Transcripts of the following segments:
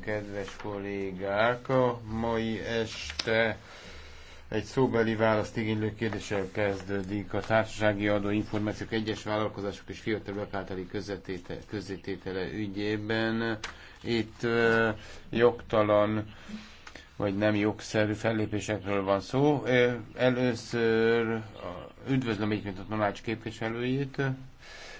Kedves kollégák, a mai este egy szóbeli választ igénylő kérdéssel kezdődik a társasági adó információk egyes vállalkozások és fiatalok általi közzététele ügyében. Itt ö, jogtalan vagy nem jogszerű fellépésekről van szó. Először üdvözlöm egyébként a tanács képviselőjét,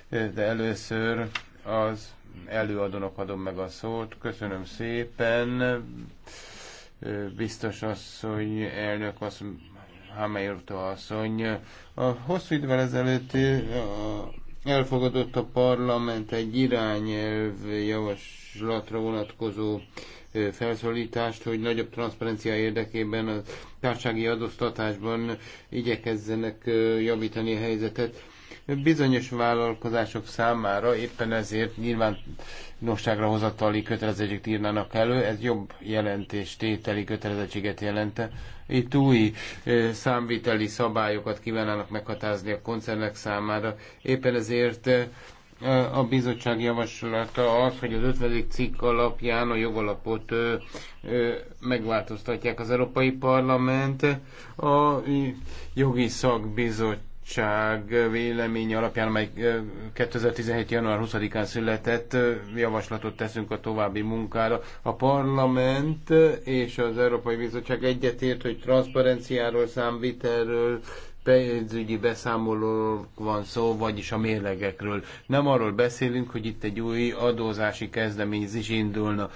de először az előadónak adom meg a szót. Köszönöm szépen. Biztos asszony, elnök asszony, Hameyrta asszony. A hosszú idővel ezelőtt elfogadott a parlament egy irányelv javaslatra vonatkozó felszólítást, hogy nagyobb transzparencia érdekében a társági adóztatásban igyekezzenek javítani a helyzetet Bizonyos vállalkozások számára éppen ezért nyilvánosságra hozatali kötelezettséget írnának elő, ez jobb jelentés, tételi kötelezettséget jelente. Itt új számviteli szabályokat kívánának meghatázni a koncernek számára. Éppen ezért a bizottság javaslata az, hogy az 50. cikk alapján a jogalapot megváltoztatják az Európai Parlament. A jogi szakbizottság bizottság vélemény alapján, amely 2017. január 20-án született, javaslatot teszünk a további munkára. A parlament és az Európai Bizottság egyetért, hogy transzparenciáról, számvitelről, pénzügyi beszámolóról van szó, vagyis a mérlegekről. Nem arról beszélünk, hogy itt egy új adózási kezdeményezés indulna.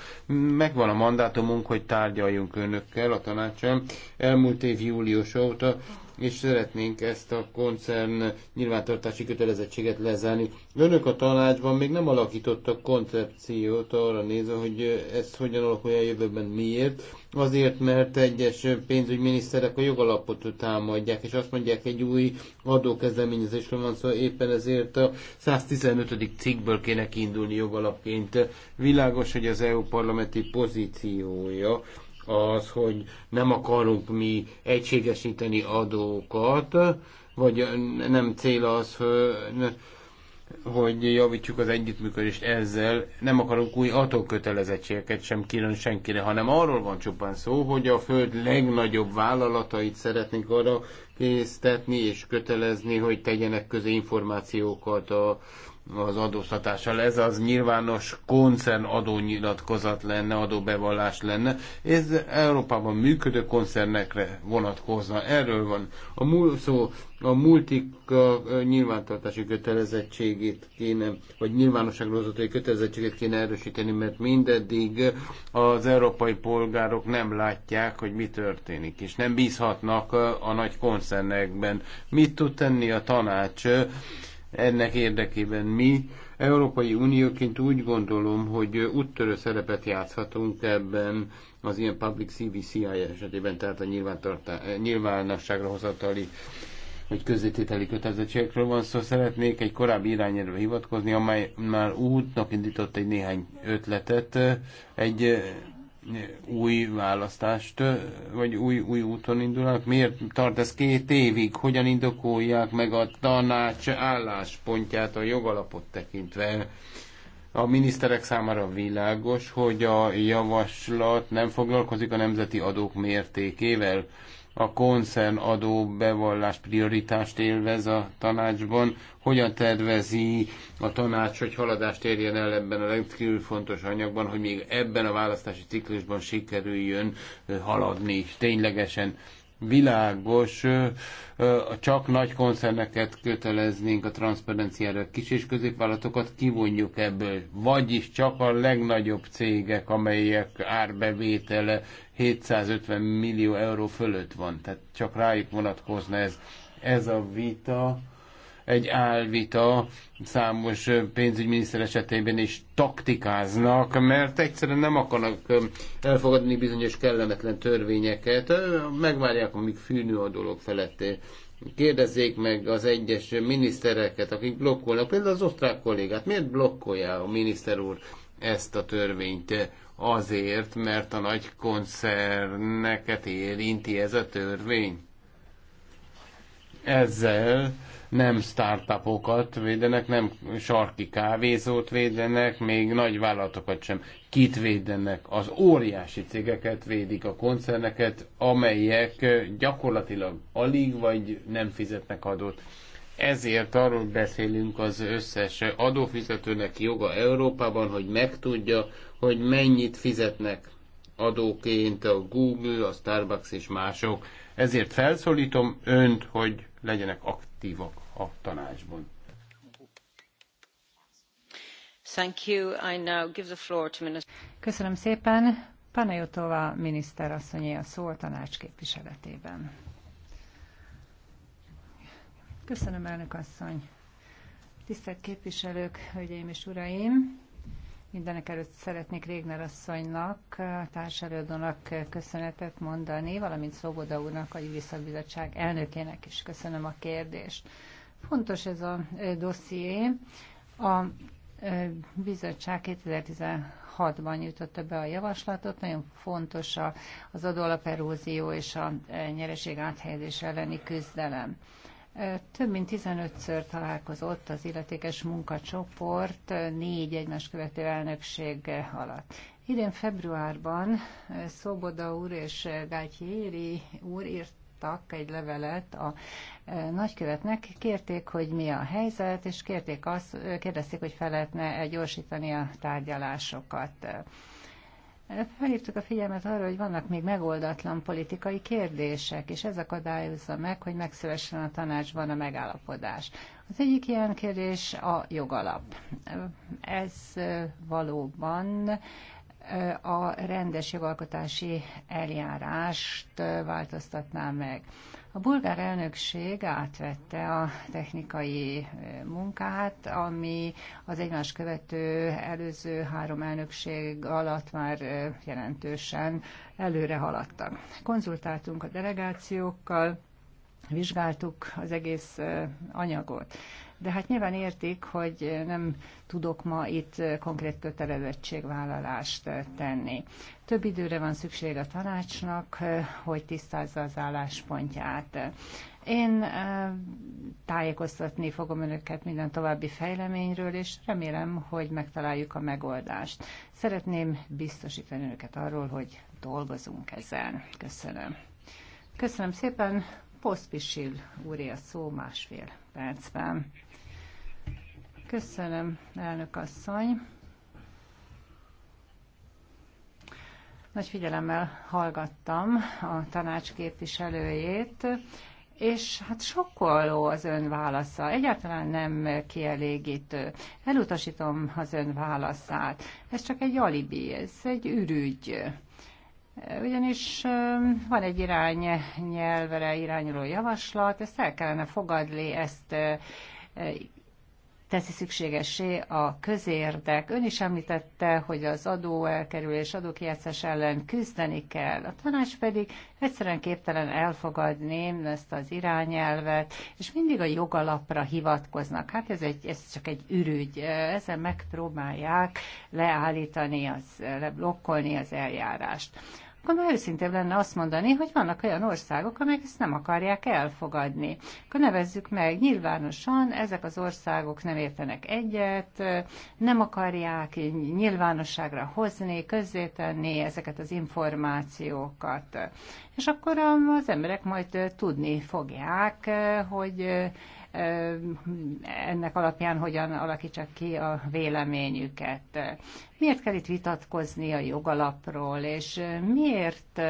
Megvan a mandátumunk, hogy tárgyaljunk önökkel, a tanácsán. Elmúlt év július óta és szeretnénk ezt a koncern nyilvántartási kötelezettséget lezárni. Önök a tanácsban még nem alakítottak koncepciót arra nézve, hogy ez hogyan alakulja a jövőben, miért. Azért, mert egyes pénzügyminiszterek a jogalapot támadják, és azt mondják, egy új adókezdeményezésről van szó, szóval éppen ezért a 115. cikkből kéne kiindulni jogalapként. Világos, hogy az EU parlamenti pozíciója az, hogy nem akarunk mi egységesíteni adókat, vagy nem cél az, hogy javítsuk az együttműködést ezzel, nem akarunk új adókötelezettségeket sem kírni senkire, hanem arról van csupán szó, hogy a föld legnagyobb vállalatait szeretnénk arra késztetni és kötelezni, hogy tegyenek közé információkat a az adóztatással. Ez az nyilvános koncern adónyilatkozat lenne, adóbevallás lenne. Ez Európában működő koncernekre vonatkozna. Erről van a múl, szó, a multik a nyilvántartási kötelezettségét kéne, vagy nyilvánosságra kötelezettségét kéne erősíteni, mert mindeddig az európai polgárok nem látják, hogy mi történik, és nem bízhatnak a nagy koncernekben. Mit tud tenni a tanács? ennek érdekében mi Európai Unióként úgy gondolom, hogy úttörő szerepet játszhatunk ebben az ilyen public CVCI esetében, tehát a nyilvánosságra hozatali hogy közzétételi kötelezettségekről van szó, szóval szeretnék egy korábbi irányelvre hivatkozni, amely már útnak indított egy néhány ötletet, egy új választást, vagy új, új úton indulnak? Miért tart ez két évig? Hogyan indokolják meg a tanács álláspontját a jogalapot tekintve? A miniszterek számára világos, hogy a javaslat nem foglalkozik a nemzeti adók mértékével a adó bevallás prioritást élvez a tanácsban. Hogyan tervezi a tanács, hogy haladást érjen el ebben a rendkívül fontos anyagban, hogy még ebben a választási ciklusban sikerüljön haladni ténylegesen? világos, csak nagy koncerneket köteleznénk a transzparenciára, kis és középvállalatokat kivonjuk ebből, vagyis csak a legnagyobb cégek, amelyek árbevétele 750 millió euró fölött van, tehát csak rájuk vonatkozna ez. Ez a vita egy álvita számos pénzügyminiszter esetében is taktikáznak, mert egyszerűen nem akarnak elfogadni bizonyos kellemetlen törvényeket, megvárják, amíg fűnő a dolog feletté. Kérdezzék meg az egyes minisztereket, akik blokkolnak, például az osztrák kollégát, miért blokkolja a miniszter úr ezt a törvényt? Azért, mert a nagy koncerneket érinti ez a törvény ezzel nem startupokat védenek, nem sarki kávézót védenek, még nagy vállalatokat sem. Kit védenek? Az óriási cégeket védik, a koncerneket, amelyek gyakorlatilag alig vagy nem fizetnek adót. Ezért arról beszélünk az összes adófizetőnek joga Európában, hogy megtudja, hogy mennyit fizetnek adóként a Google, a Starbucks és mások ezért felszólítom önt, hogy legyenek aktívak a tanácsban. Thank you. I now give the floor to minister. Köszönöm szépen. Panajotova miniszter asszonyé a szó a tanács képviseletében. Köszönöm, elnök asszony. Tisztelt képviselők, hölgyeim és uraim! Mindenek előtt szeretnék Régner asszonynak, társelődónak köszönetet mondani, valamint Szoboda úrnak, a Júri Szakbizottság elnökének is köszönöm a kérdést. Fontos ez a dosszié. A bizottság 2016-ban nyújtotta be a javaslatot, nagyon fontos az adóalaperózió és a nyereség áthelyezés elleni küzdelem. Több mint 15-ször találkozott az illetékes munkacsoport négy egymás követő elnökség alatt. Idén februárban Szoboda úr és Gátyéri úr írt írtak egy levelet a nagykövetnek, kérték, hogy mi a helyzet, és kérték azt, kérdezték, hogy fel lehetne gyorsítani a tárgyalásokat. Felhívtuk a figyelmet arra, hogy vannak még megoldatlan politikai kérdések, és ez akadályozza meg, hogy megszülessen a tanácsban a megállapodás. Az egyik ilyen kérdés a jogalap. Ez valóban a rendes jogalkotási eljárást változtatná meg. A bulgár elnökség átvette a technikai munkát, ami az egymás követő előző három elnökség alatt már jelentősen előre haladtak. Konzultáltunk a delegációkkal, vizsgáltuk az egész anyagot de hát nyilván értik, hogy nem tudok ma itt konkrét kötelezettségvállalást tenni. Több időre van szükség a tanácsnak, eh, hogy tisztázza az álláspontját. Én eh, tájékoztatni fogom önöket minden további fejleményről, és remélem, hogy megtaláljuk a megoldást. Szeretném biztosítani önöket arról, hogy dolgozunk ezen. Köszönöm. Köszönöm szépen. Poszpisil úré a szó másfél percben. Köszönöm, elnök asszony. Nagy figyelemmel hallgattam a tanács képviselőjét, és hát sokkoló az ön válasza, egyáltalán nem kielégítő. Elutasítom az ön válaszát. Ez csak egy alibi, ez egy ürügy. Ugyanis van egy irány nyelvre irányuló javaslat, ezt el kellene fogadni, ezt teszi szükségesé a közérdek. Ön is említette, hogy az adó elkerülés, adókijátszás ellen küzdeni kell. A tanács pedig egyszerűen képtelen elfogadni ezt az irányelvet, és mindig a jogalapra hivatkoznak. Hát ez, egy, ez csak egy ürügy. Ezen megpróbálják leállítani, az, leblokkolni az eljárást akkor már őszintébb lenne azt mondani, hogy vannak olyan országok, amelyek ezt nem akarják elfogadni. Akkor nevezzük meg nyilvánosan, ezek az országok nem értenek egyet, nem akarják nyilvánosságra hozni, közzétenni ezeket az információkat. És akkor az emberek majd tudni fogják, hogy ennek alapján hogyan alakítsák ki a véleményüket. Miért kell itt vitatkozni a jogalapról, és miért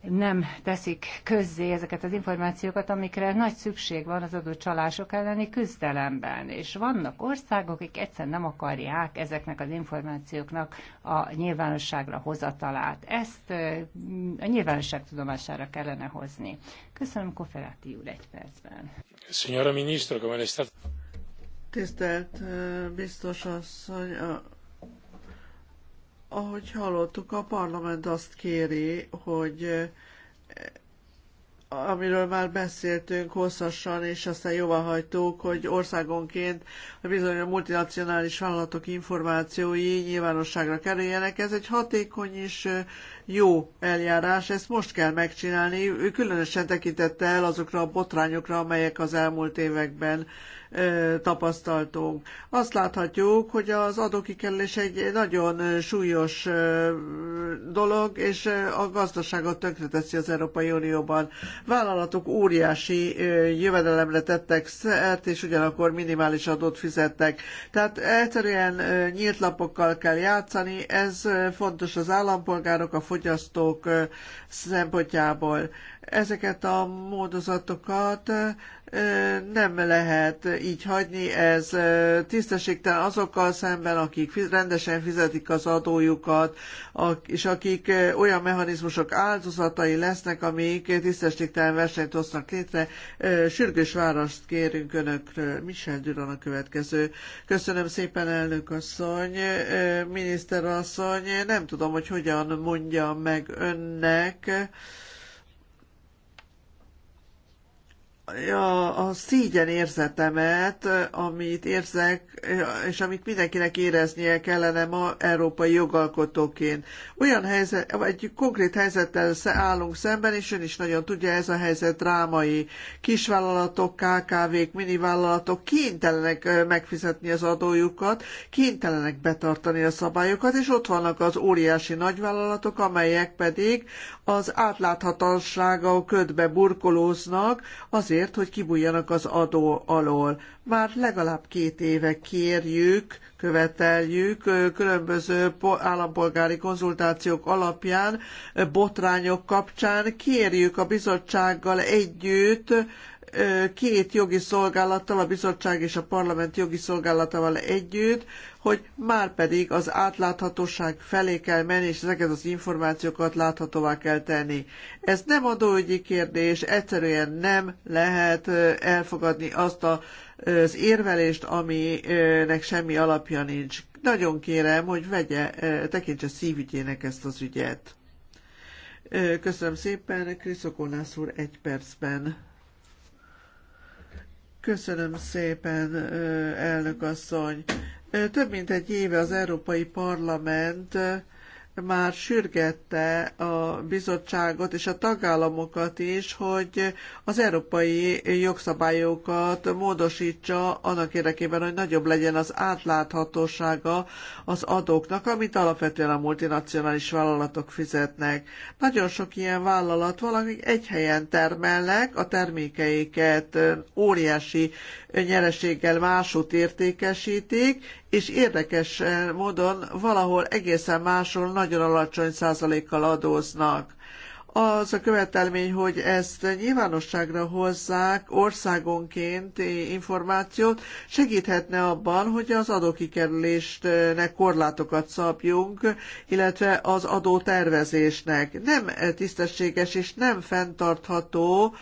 nem teszik közzé ezeket az információkat, amikre nagy szükség van az adott csalások elleni küzdelemben. És vannak országok, akik egyszerűen nem akarják ezeknek az információknak a nyilvánosságra hozatalát. Ezt a nyilvánosság tudomására kellene hozni. Köszönöm Koferáti úr egy percben. Signora Ministro, Tisztelt biztos asszony, a ahogy hallottuk, a parlament azt kéri, hogy eh, amiről már beszéltünk hosszasan, és aztán jóvá hagytuk, hogy országonként a bizony a multinacionális vállalatok információi nyilvánosságra kerüljenek. Ez egy hatékony és eh, jó eljárás, ezt most kell megcsinálni, különösen tekintettel azokra a botrányokra, amelyek az elmúlt években tapasztaltunk. Azt láthatjuk, hogy az adókikerülés egy nagyon súlyos dolog, és a gazdaságot tönkreteszi az Európai Unióban. Vállalatok óriási jövedelemre tettek szert, és ugyanakkor minimális adót fizettek. Tehát egyszerűen nyílt lapokkal kell játszani, ez fontos az állampolgárok, a fogyasztók szempontjából. Ezeket a módozatokat nem lehet így hagyni, ez tisztességtelen azokkal szemben, akik rendesen fizetik az adójukat, és akik olyan mechanizmusok áldozatai lesznek, amik tisztességtelen versenyt hoznak létre. Sürgős választ kérünk Önökről. Michel Duran a következő. Köszönöm szépen, elnök asszony, miniszter asszony. Nem tudom, hogy hogyan mondjam meg Önnek, a, a szígyen érzetemet, amit érzek, és amit mindenkinek éreznie kellene ma európai jogalkotóként. Olyan helyzet, egy konkrét helyzettel állunk szemben, és ön is nagyon tudja, ez a helyzet drámai. Kisvállalatok, KKV-k, minivállalatok kénytelenek megfizetni az adójukat, kénytelenek betartani a szabályokat, és ott vannak az óriási nagyvállalatok, amelyek pedig az átláthatósága ködbe burkolóznak azért, azért, hogy kibújjanak az adó alól. Már legalább két éve kérjük, követeljük különböző állampolgári konzultációk alapján, botrányok kapcsán kérjük a bizottsággal együtt két jogi szolgálattal, a bizottság és a parlament jogi szolgálatával együtt, hogy már pedig az átláthatóság felé kell menni, és ezeket az információkat láthatóvá kell tenni. Ez nem adóügyi kérdés, egyszerűen nem lehet elfogadni azt a, az érvelést, aminek semmi alapja nincs. Nagyon kérem, hogy vegye, tekintse szívügyének ezt az ügyet. Köszönöm szépen, Kriszokonász úr egy percben. Köszönöm szépen, elnök asszony. Több mint egy éve az Európai Parlament már sürgette a bizottságot és a tagállamokat is, hogy az európai jogszabályokat módosítsa annak érdekében, hogy nagyobb legyen az átláthatósága az adóknak, amit alapvetően a multinacionális vállalatok fizetnek. Nagyon sok ilyen vállalat valami egy helyen termelnek a termékeiket óriási nyereséggel másút értékesítik, és érdekes módon valahol egészen máshol nagyon alacsony százalékkal adóznak az a követelmény, hogy ezt nyilvánosságra hozzák országonként információt, segíthetne abban, hogy az adókikerülésnek korlátokat szabjunk, illetve az adótervezésnek. Nem tisztességes és nem fenntartható,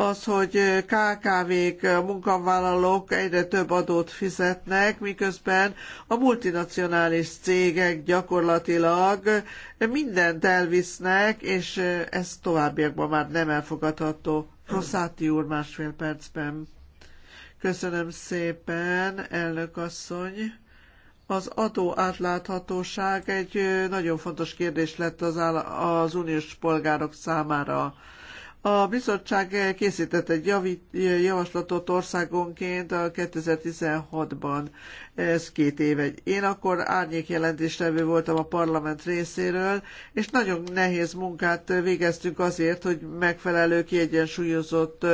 az, hogy KKV-k, munkavállalók egyre több adót fizetnek, miközben a multinacionális cégek gyakorlatilag mindent elvisznek, és ez továbbiakban már nem elfogadható. Rosszáti úr másfél percben. Köszönöm szépen, elnök asszony. Az adó átláthatóság egy nagyon fontos kérdés lett az, áll- az uniós polgárok számára a bizottság készített egy javaslatot országonként a 2016-ban, ez két éve. Én akkor árnyék jelentéstevő voltam a parlament részéről, és nagyon nehéz munkát végeztünk azért, hogy megfelelő, kiegyensúlyozott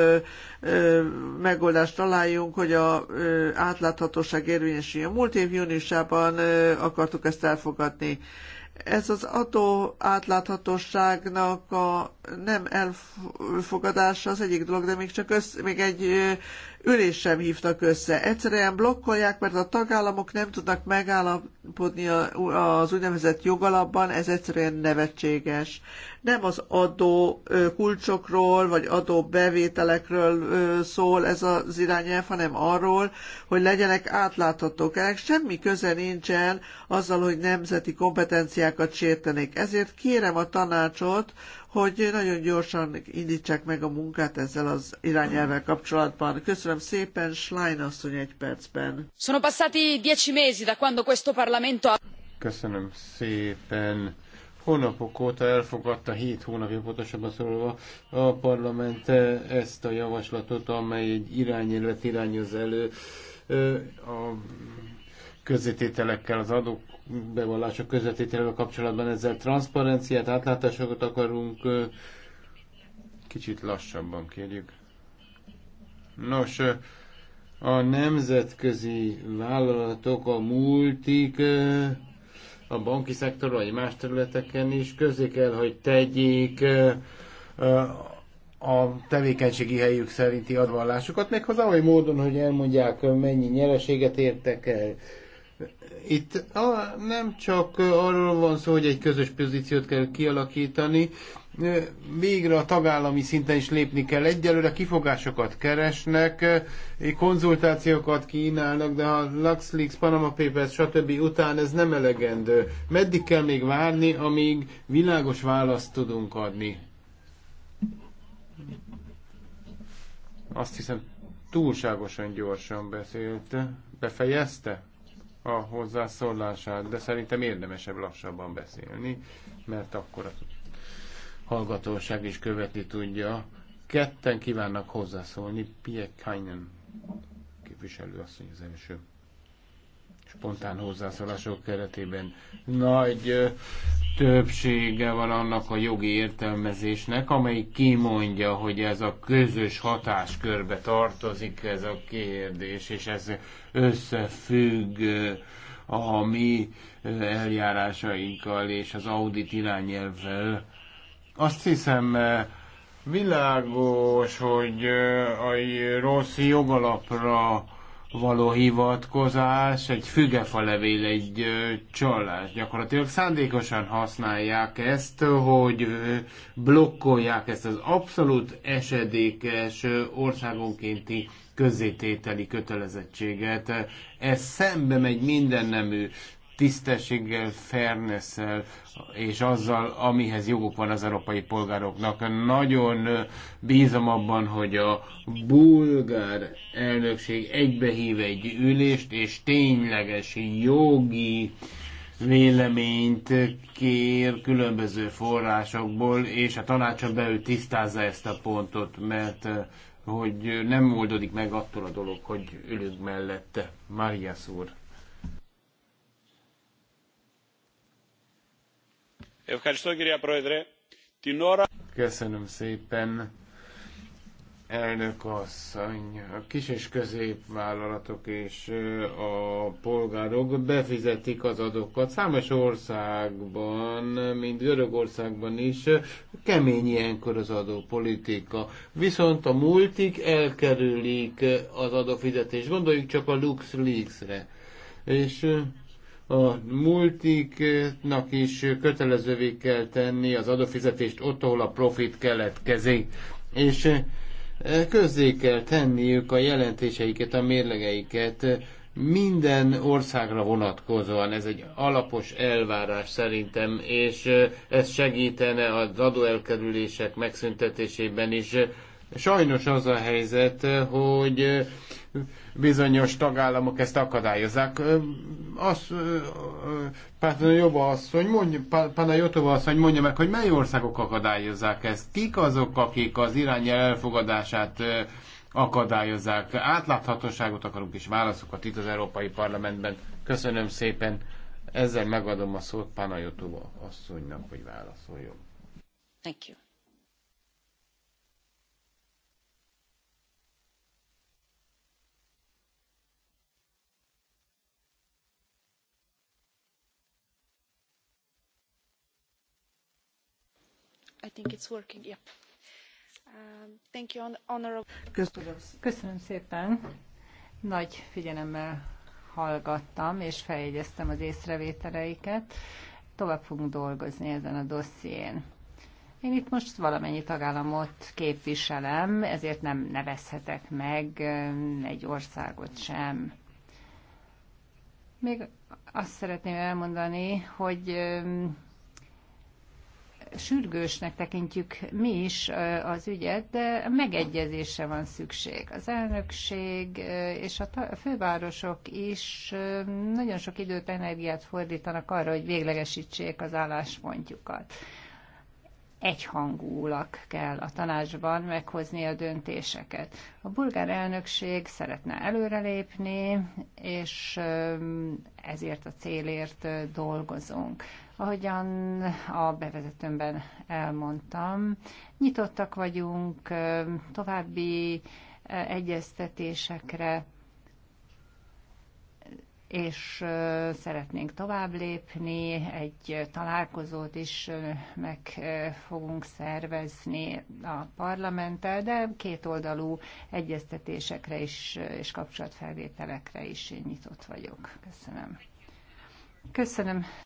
megoldást találjunk, hogy a átláthatóság érvényesüljön. Múlt év júniusában akartuk ezt elfogadni. Ez az adó átláthatóságnak a nem elfogadása az egyik dolog, de még csak össze, még egy ülés sem hívtak össze. Egyszerűen blokkolják, mert a tagállamok nem tudnak megállapodni az úgynevezett jogalapban, ez egyszerűen nevetséges. Nem az adó kulcsokról, vagy adó bevételekről szól ez az irányelv, hanem arról, hogy legyenek átláthatók. Ennek semmi köze nincsen azzal, hogy nemzeti kompetenciákat sértenék. Ezért kérem a tanácsot, hogy nagyon gyorsan indítsák meg a munkát ezzel az irányelvvel kapcsolatban. Köszönöm szépen, Schlein asszony egy percben. Sono passati dieci mesi da quando questo Parlamento... Köszönöm szépen hónapok óta elfogadta, hét hónapja pontosabban szólva a parlament eh, ezt a javaslatot, amely egy irányelvet irányoz elő eh, a közétételekkel, az adók bevallások közvetételével kapcsolatban ezzel transzparenciát, átlátásokat akarunk. Kicsit lassabban kérjük. Nos, a nemzetközi vállalatok, a multik, a banki szektor, vagy más területeken is közé kell, hogy tegyék a tevékenységi helyük szerinti advallásukat, méghozzá hogy módon, hogy elmondják, mennyi nyereséget értek el, itt a, nem csak arról van szó, hogy egy közös pozíciót kell kialakítani, végre a tagállami szinten is lépni kell. Egyelőre kifogásokat keresnek, konzultációkat kínálnak, de a LuxLeaks, Panama Papers, stb. után ez nem elegendő. Meddig kell még várni, amíg világos választ tudunk adni? Azt hiszem túlságosan gyorsan beszélt. Befejezte? a hozzászólását, de szerintem érdemesebb lassabban beszélni, mert akkor a hallgatóság is követni tudja. Ketten kívánnak hozzászólni, Pierre Kainen képviselő asszony az első spontán hozzászólások keretében. Nagy többsége van annak a jogi értelmezésnek, amely kimondja, hogy ez a közös hatáskörbe tartozik ez a kérdés, és ez összefügg a mi eljárásainkkal és az audit irányelvvel. Azt hiszem, világos, hogy a rossz jogalapra való hivatkozás, egy fügefa levél, egy ö, csalás. Gyakorlatilag szándékosan használják ezt, hogy ö, blokkolják ezt az abszolút esedékes ö, országonkénti közzétételi kötelezettséget. Ez szembe megy minden nemű tisztességgel, fairness és azzal, amihez joguk van az európai polgároknak. Nagyon bízom abban, hogy a bulgár elnökség egybehív egy ülést, és tényleges jogi véleményt kér különböző forrásokból, és a tanácsa belül tisztázza ezt a pontot, mert hogy nem oldódik meg attól a dolog, hogy ülünk mellette. Marias úr. Köszönöm szépen, elnök asszony. A kis és középvállalatok és a polgárok befizetik az adókat. Számos országban, mint Görögországban is kemény ilyenkor az adópolitika. Viszont a múltik elkerülik az adófizetést. Gondoljuk csak a LuxLeaks-re. És a multiknak is kötelezővé kell tenni az adófizetést ott, ahol a profit keletkezik. És eh, közzé kell tenniük a jelentéseiket, a mérlegeiket minden országra vonatkozóan. Ez egy alapos elvárás szerintem, és eh, ez segítene az adóelkerülések megszüntetésében is. Sajnos az a helyzet, hogy bizonyos tagállamok ezt akadályozzák. Az, Pánajotova asszony, mondja, Pánajotova asszony mondja meg, hogy mely országok akadályozzák ezt? Kik azok, akik az irány elfogadását akadályozzák? Átláthatóságot akarunk is válaszokat itt az Európai Parlamentben. Köszönöm szépen. Ezzel megadom a szót Jotova asszonynak, hogy válaszoljon. Thank you. Köszönöm. Köszönöm szépen. Nagy figyelemmel hallgattam és feljegyeztem az észrevételeiket. Tovább fogunk dolgozni ezen a dosszién. Én itt most valamennyi tagállamot képviselem, ezért nem nevezhetek meg eh, egy országot sem. Még azt szeretném elmondani, hogy eh, sürgősnek tekintjük mi is az ügyet, de megegyezésre van szükség. Az elnökség és a fővárosok is nagyon sok időt, energiát fordítanak arra, hogy véglegesítsék az álláspontjukat. Egyhangúlak kell a tanácsban meghozni a döntéseket. A bulgár elnökség szeretne előrelépni, és ezért a célért dolgozunk. Ahogyan a bevezetőmben elmondtam, nyitottak vagyunk további egyeztetésekre, és szeretnénk tovább lépni, egy találkozót is meg fogunk szervezni a parlamenttel, de kétoldalú egyeztetésekre is és kapcsolatfelvételekre is nyitott vagyok. Köszönöm. Köszönöm.